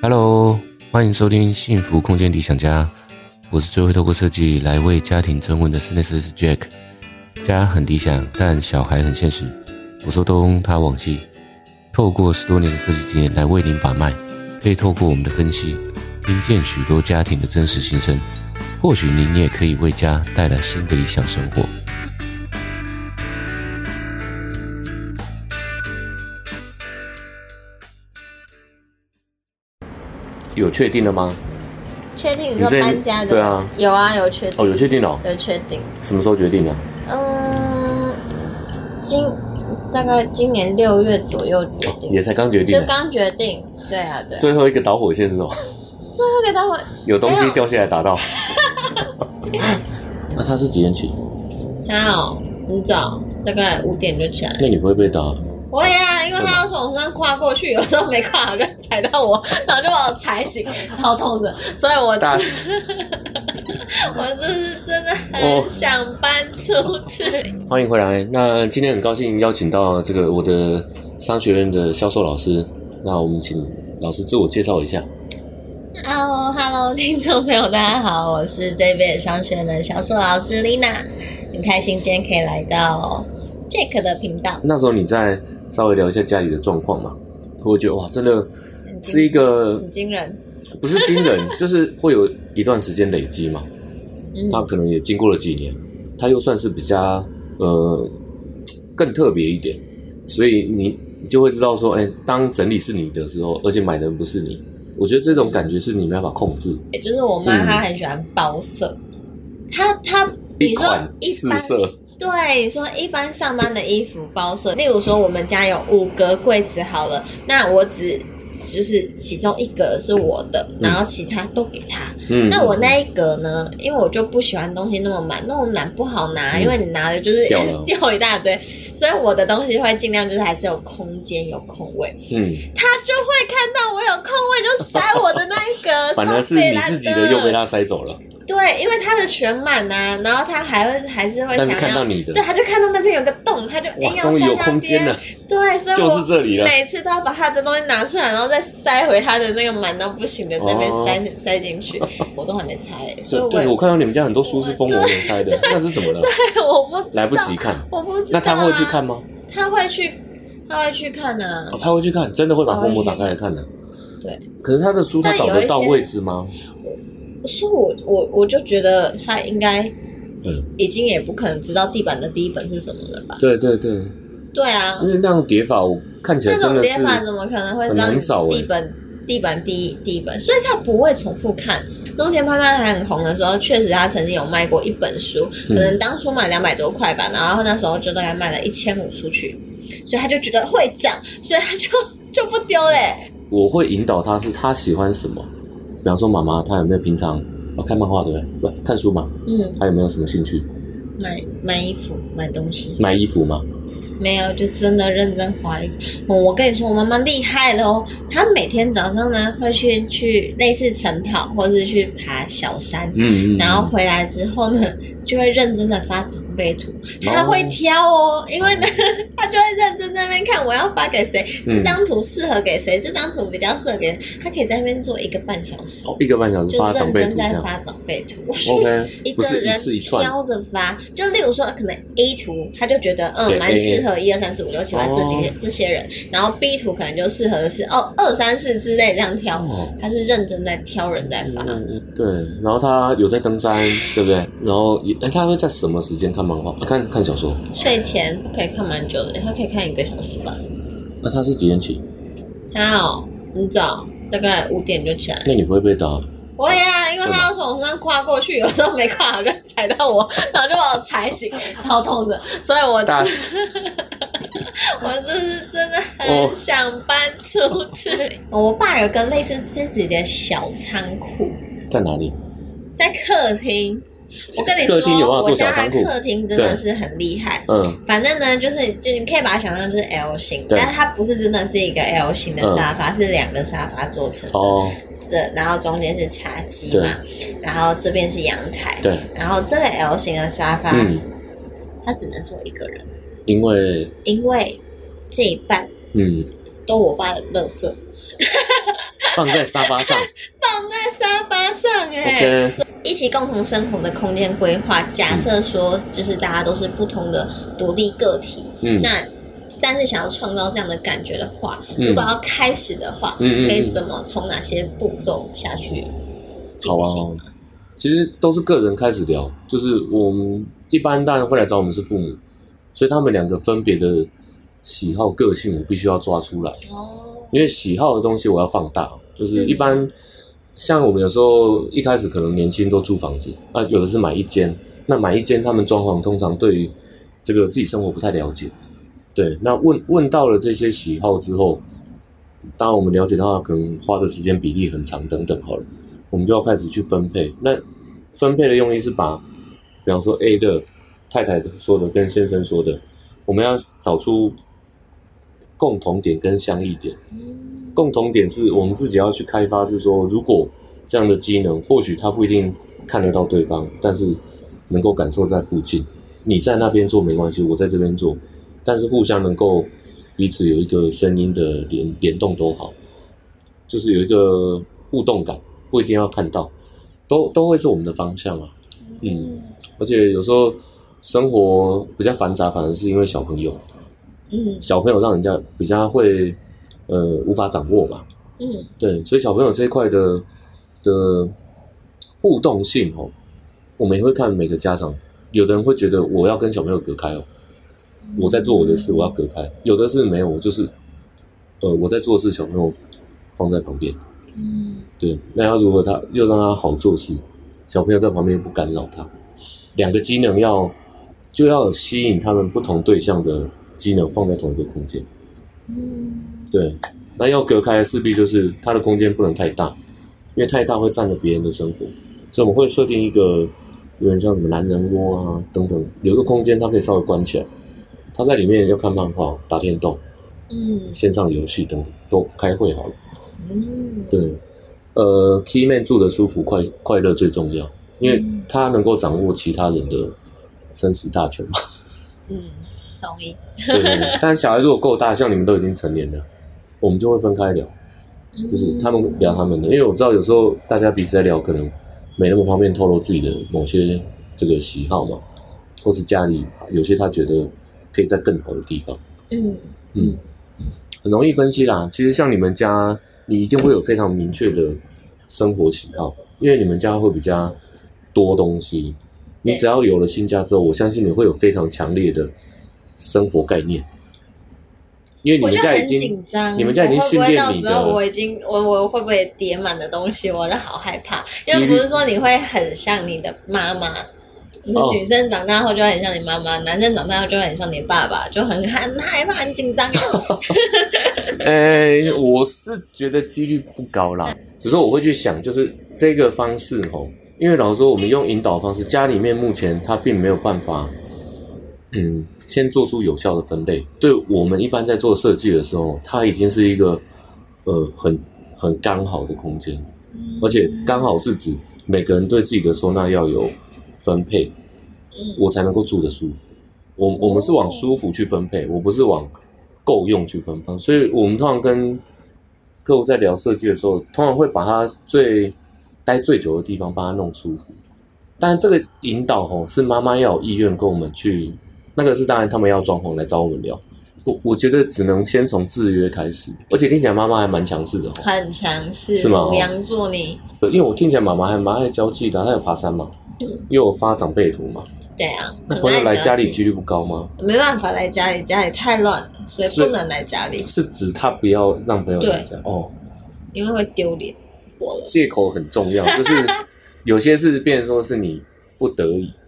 Hello，歡迎收聽《幸福空間理想家》。我是最會透過設計來為家庭升溫的室內設計師 Jack。家很理想，但小孩很現實。我說東，他往西。透過十多年的設計經驗來為您把脈，可以透過我們的分析，聽見許多家庭的真實心聲。或許您也可以為家帶來新的理想生活。有確定的嗎？確定有搬家的？對啊，有啊，有確定,、哦、定哦，有確定哦，有確定。什麼時候決定的？嗯、呃，今大概今年六月左右決定。哦、也才剛決定。就剛決定，對啊，對啊。最後一個導火線是什麼？ 最後一個導火有東西掉下來打到。那 他、 啊、是幾點起？他好很早，大概五點就起來。那你不會被打了？會啊，因為他要從我身上跨過去，有時候沒跨好，他就踩到我，然後就把我踩醒，好 痛的，所以我、就是、 我就是真的很想搬出去。Oh. Oh. 歡迎回來、欸，那今天很高興邀請到這個我的商學院的銷售老師，那我們請老師自我介紹一下。Hello，Hello，、oh, 聽眾朋友，大家好，我是這邊商學院的銷售老師 Lena，很開心今天可以來到 Jack 的頻道。那時候你在。稍微聊一下家裡的狀況嘛，我覺得哇，真的是一個很驚人，不是驚人， 就是會有一段時間累積嘛。嗯，他可能也經過了幾年，他又算是比較呃更特別一點，所以你就會知道說，哎、欸，當整理是你的時候，而且買的人不是你，我覺得這種感覺是你沒辦法控制。欸、就是我媽她很喜歡包色，嗯、她她比如說一,一款四色。對，你說一般上班的衣服包色，例如說我們家有五格櫃子，好了，那我只就是其中一格是我的、嗯，然後其他都給他、嗯。那我那一格呢？因為我就不喜歡東西那麼滿，那麼滿不好拿、嗯，因為你拿的就是掉，掉一大堆，所以我的東西會儘量就是還是有空間有空位。嗯，他就會看到我有空位就塞我的那一格， 反而是你自己的又被他塞走了。對，因為他的全滿啊。然後他還會還是會想要，但是看到你的，對，他就看到那邊有個洞，他就硬要塞，哇，終於有空間了，對，就是這裡了。每次都要把他的東西拿出來，然後再塞回他的那個滿到不行的那邊塞、哦、塞進去，我都還沒拆， 所以我對、對我看到你們家很多書是封膜沒拆的，我，那是怎麼了？對，我不知道來不及看，我不知道、啊，那他會去看嗎？他會去，他會去看啊。哦，他會去看，真的會把封膜打開來看的、啊，對。可是他的書，他找得到位置嗎？所以我我我就覺得他應該，嗯，已經也不可能知道地板的第一本是什麼了吧？對對對，對啊，因為那樣疊法，我看起來真的疊法怎麼可能會讓地板地板第一第一本，所以他不會重複看。冬天拍賣還很紅的時候，確實他曾經有賣過一本書，可能當初買兩百多塊吧，然後那時候就大概賣了一千五出去，所以他就覺得會漲，所以他就就不丟嘞、欸。我會引導他是他喜歡什麼。比方說媽媽，媽媽她有沒有平常、哦、看漫畫對不對？不看書嘛？嗯。她有沒有什麼興趣？買買衣服，買東西。買衣服嗎？沒有，就真的認真花一、哦、我跟你說，我媽媽厲害哦，她每天早上呢，會去去類似晨跑，或是去爬小山。嗯,嗯嗯。然後回來之後呢，就會認真的發展。長輩圖，他會挑哦，因為呢，他就會認真在那邊看我要發給誰，嗯、這張圖適合給誰，這張圖比較適合給，他可以在那邊做一個半小時，哦、一個半小時發一張長輩圖，圖、哦、，OK，一個人一一挑着發，就例如說可能 A 圖，他就覺得嗯、呃，蠻適合一二三四五六七八這幾個、哦、這些人，然後 B 圖可能就適合的是哦二三四之類這樣挑、哦，他是認真在挑人在發、嗯，對，然後他有在登山，對不對？然後哎，他會在什麼時間看？看看小說。睡前可以看蠻久的，他可以看一個小時吧。那、啊、他是幾點起？他哦，很早，大概五點就起來。那你不會被打？不會啊，因為他要從我身上跨過去，有時候沒跨好就踩到我， 然後就把我踩醒，好 痛的。所以我就是， 我就是真的很想搬出去。Oh. 我爸有個類似自己的小倉庫，在哪裡？在客廳。我跟你說，我家的客廳真的是很厲害。嗯，反正呢，就是就你可以把它想象成是 L 型，但它不是真的是一個 L 型的沙發，嗯、是兩個沙發做成的。這、哦、然後中間是茶几嘛，然後這邊是陽台。對，然後這個 L 型的沙發，嗯、它只能坐一個人，因為因為這一半，嗯，都我爸的垃圾放在沙發上，放在沙發上，哎、 欸。Okay. 一起共同生活的空間規劃，假設說，就是大家都是不同的獨立個體，嗯，那但是想要創造這樣的感覺的話，嗯、如果要開始的話，嗯嗯嗯可以怎麼從哪些步驟下去進行？好啊好，其實都是個人開始聊，就是我們一般大家會來找我們是父母，所以他們兩個分別的喜好個性，我必須要抓出來哦，因為喜好的東西我要放大，就是一般。嗯像我們有時候一開始可能年輕都租房子啊，有的是買一間，那買一間他們裝潢通常對於這個自己生活不太了解，對，那問問到了這些喜好之後，當我們了解到可能花的時間比例很長等等好了，我們就要開始去分配。那分配的用意是把，比方說 A 的太太說的跟先生說的，我們要找出共同點跟相異點。共同點是我們自己要去開發，是說如果這樣的機能，或許他不一定看得到對方，但是能夠感受在附近，你在那邊做沒關係，我在這邊做，但是互相能夠彼此有一個聲音的聯聯動都好，就是有一個互動感，不一定要看到，都都會是我們的方向嘛。嗯，而且有時候生活比較繁雜，反而是因為小朋友，嗯，小朋友讓人家比較會。呃，無法掌握嘛。嗯，對，所以小朋友這一塊的的互動性哦，我們也會看每個家長，有的人會覺得我要跟小朋友隔開哦，嗯，我在做我的事，我要隔開。有的是沒有，就是呃，我在做事，小朋友放在旁邊。嗯，對，那要如何他？他又讓他好做事，小朋友在旁邊不干擾他，兩個機能要就要吸引他們不同對象的機能放在同一個空間。嗯。對，那要隔開，勢必就是他的空間不能太大，因為太大會佔了別人的生活，所以我們會設定一個有點像什麼男人窩啊等等，有個空間他可以稍微關起來，他在裡面要看漫畫、打電動、嗯、線上遊戲等等，都開會好了。嗯、對，呃，Keyman 住的舒服快、快快樂最重要，因為他能夠掌握其他人的生死大權嘛。 嗯，同意。對對對，但小孩如果夠大，像你們都已經成年了。我們就會分開聊，就是他們聊他們的，因為我知道有時候大家彼此在聊，可能沒那麼方便透露自己的某些這個喜好嘛，或是家裡有些他覺得可以在更好的地方。嗯嗯，很容易分析啦。其實像你們家，你一定會有非常明確的生活喜好，因為你們家會比較多東西。你只要有了新家之後，我相信你會有非常強烈的生活概念。因為你們家已經我就很緊張，你們家已經訓練會不會到時候我已經我我會不會疊滿的東西，我就好害怕。因為不是說你會很像你的媽媽，只、哦，就是女生長大後就很像你媽媽，男生長大後就很像你爸爸，就很很害怕、很緊張、哦 哎。我是覺得幾率不高啦，只是我會去想，就是這個方式吼，因為老實說，我們用引導方式，家裡面目前他並沒有辦法。嗯，先做出有效的分類。對，我們一般在做設計的時候，它已經是一個呃很很剛好的空間，而且剛好是指每個人對自己的收納要有分配，我才能夠住得舒服。我我們是往舒服去分配，我不是往夠用去分配。所以我們通常跟客戶在聊設計的時候，通常會把它最待最久的地方幫他弄舒服。但這個引導哦，是媽媽要有意願跟我們去。那個是當然，他們要裝潢來找我們聊。我我覺得只能先從制約開始，而且聽起來媽媽還蠻強勢的。很強勢，是嗎？羊座呢？對，因為我聽起來媽媽還蠻愛交際的，她有爬山嗎？嗯。因為我發長輩圖嘛。對啊，那朋友來家裡幾率不高嗎？沒辦法來家裡，家裡太亂了，所以不能來家裡。是，是指她不要讓朋友來家哦？因為會丟臉，我借口很重要，就是有些事變成說是你不得已。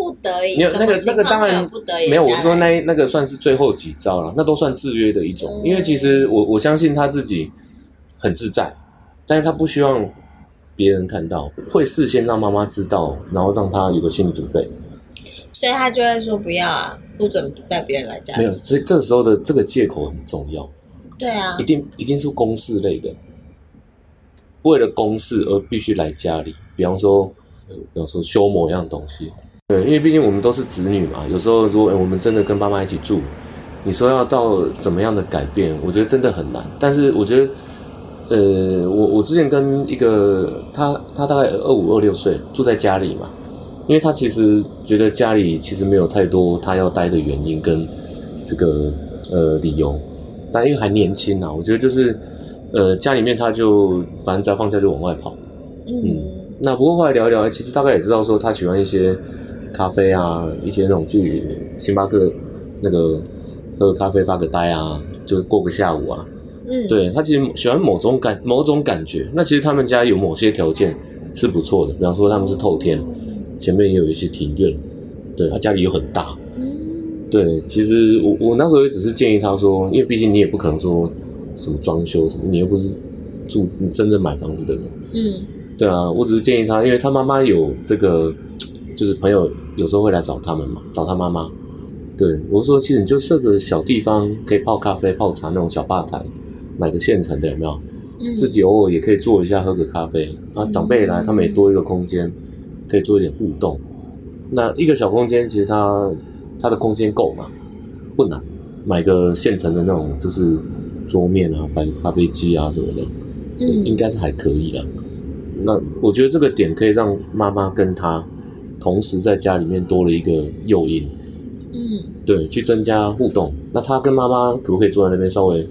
不得已，沒有那個那個當然，不得已沒有。我是說那那個算是最後幾招了，那都算制約的一種。嗯、因為其實我我相信他自己很自在，但是他不希望別人看到，會事先讓媽媽知道，然後讓他有個心理準備。所以他就會說不要啊，不准帶別人來家裡。沒有，所以這時候的這個借口很重要。對啊，一定一定是公事類的，為了公事而必須來家裡。比方說，呃、比方說修某樣東西。對，因為畢竟我們都是子女嘛，有時候如果、欸、我們真的跟爸媽一起住，你說要到怎麼樣的改變，我覺得真的很難。但是我覺得，呃，我我之前跟一個他，他大概二五二六歲，住在家裡嘛，因為他其實覺得家裡其實沒有太多他要待的原因跟這個呃理由，但因為還年輕吶、啊，我覺得就是呃家裡面他就反正只要放假就往外跑，嗯，嗯。那不過後來聊一聊，其實大概也知道說他喜歡一些，咖啡啊，一些那種去星巴克，那個喝個咖啡發個呆啊，就過個下午啊。嗯，對，他其實喜歡某種感某種感覺。那其實他們家有某些條件是不錯的，比方說他們是透天，嗯、前面也有一些庭院。對，他家裡又很大。嗯，對，其實我我那時候也只是建議他說，因為畢竟你也不可能說什麼裝修什麼，你又不是住真正買房子的人。嗯，對啊，我只是建議他，因為他媽媽有這個。就是朋友有時候會來找他們嘛，找他媽媽。對我說：“其實你就設個小地方，可以泡咖啡、泡茶那種小吧台，買個現成的有沒有？自己偶爾也可以坐一下，喝個咖啡啊。長輩來，他們也多一個空間，可以做一點互動。那一個小空間，其實它它的空間夠嘛？不難，買個現成的那種，就是桌面啊，擺咖啡機啊什麼的，應該是還可以啦。那我覺得這個點可以讓媽媽跟他。”同時，在家裡面多了一個誘因，嗯，對，去增加互動。那他跟媽媽可不可以坐在那邊，稍微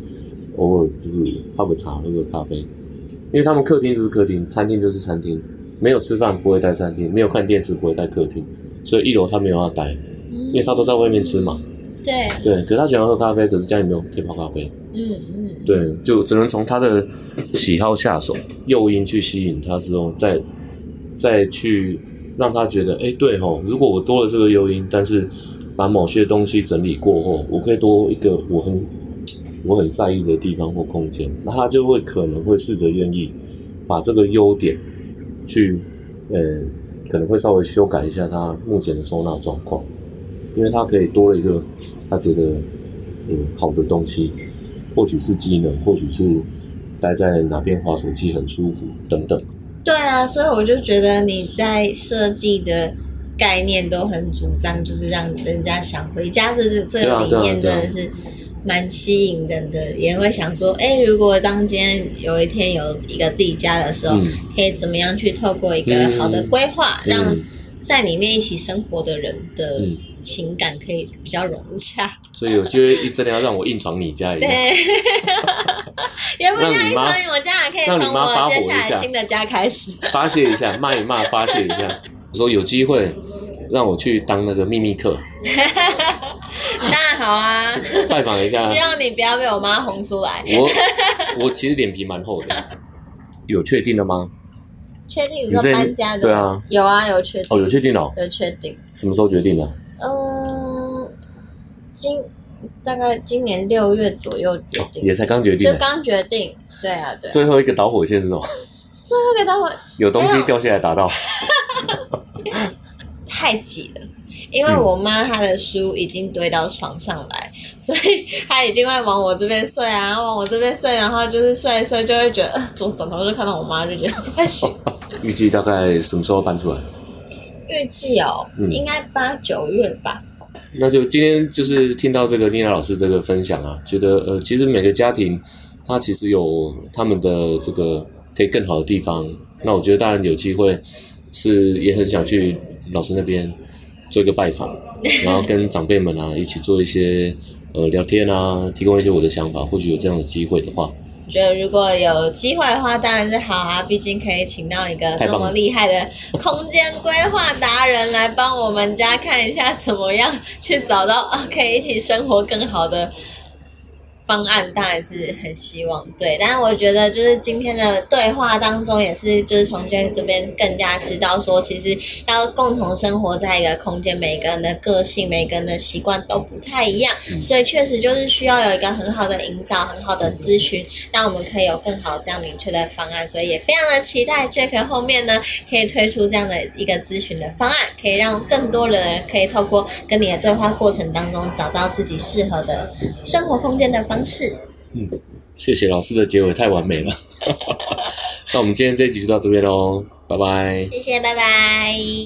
偶爾就是，是泡個茶，喝個咖啡？因為他們客廳就是客廳，餐廳就是餐廳，沒有吃飯不會帶餐廳，沒有看電視不會帶客廳，所以一樓他沒有要待，嗯、因為他都在外面吃嘛。對，對，可是他喜歡喝咖啡，可是家裡沒有可以泡咖啡。嗯嗯，嗯，對，就只能從他的喜好下手，誘因去吸引他之後，再再去。讓他覺得，哎、欸，對哦，如果我多了這個誘因，但是把某些東西整理過後，我可以多一個我很我很在意的地方或空間，那他就會可能會試着願意把這個優點去，嗯、呃，可能會稍微修改一下他目前的收納狀況，因為他可以多了一個他覺得嗯好的東西，或許是機能，或許是待在哪邊滑手機很舒服等等。對啊，所以我就覺得你在設計的概念都很主張，就是讓人家想回家，這這個理念真的是蠻吸引人的，啊啊啊、也會想說，哎，如果當今天有一天有一個自己家的時候，嗯、可以怎麼樣去透過一個好的規劃、嗯嗯，讓在裡面一起生活的人的情感可以比較融洽。所以有機會真的要讓我硬闖你家一下。對 讓你媽，讓你媽發火一下，新的家開始發洩一下，罵一罵發洩一下。 我說有機會讓我去當那個秘密客， 當然好啊。拜訪一下，希望你不要被我媽哄出來。 我我其實臉皮蠻厚的，有確定了嗎？確定有？你說搬家的。對啊，有啊，有確定，哦，有確定哦，有確定。什麼時候決定的？嗯，今。大概今年六月左右決定，哦、也才剛決定，就剛決定，對啊，對啊。最後一個導火線是什麼？ 最後一個導火有東西掉下來打到， 太擠了，因為我媽她的書已經堆到床上來，嗯、所以她一定會往我這邊睡啊，往我這邊睡，然後就是睡一睡就會覺得，轉轉頭就看到我媽就覺得不太行。預計大概什麼時候搬出來？預計哦，嗯、應該八九月吧。那就今天就是聽到這個 Lena 老師這個分享啊，覺得呃，其實每個家庭他其實有他們的這個可以更好的地方。那我覺得當然有機會是也很想去老師那邊做一個拜訪，然後跟長輩們啊一起做一些呃聊天啊，提供一些我的想法，或許有這樣的機會的話。覺得如果有機會的話，當然是好啊！畢竟可以請到一個這麼厲害的空間規劃達人來幫我們家看一下，怎麼樣去找到啊，可以一起生活更好的。方案當然是很希望，對，但是我覺得就是今天的對話當中也是，就是從 Jack 這邊更加知道說，其實要共同生活在一個空間，每個人的個性、每個人的習慣都不太一樣，所以確實就是需要有一個很好的引導、很好的諮詢，讓我們可以有更好這樣明確的方案。所以也非常的期待 Jack 後面呢可以推出這樣的一個諮詢的方案，可以讓更多人可以透過跟你的對話過程當中找到自己適合的生活空間的方案。是，嗯，謝謝老師的結尾太完美了。 那我們今天這一集就到這邊嘍，拜拜。謝謝，拜拜。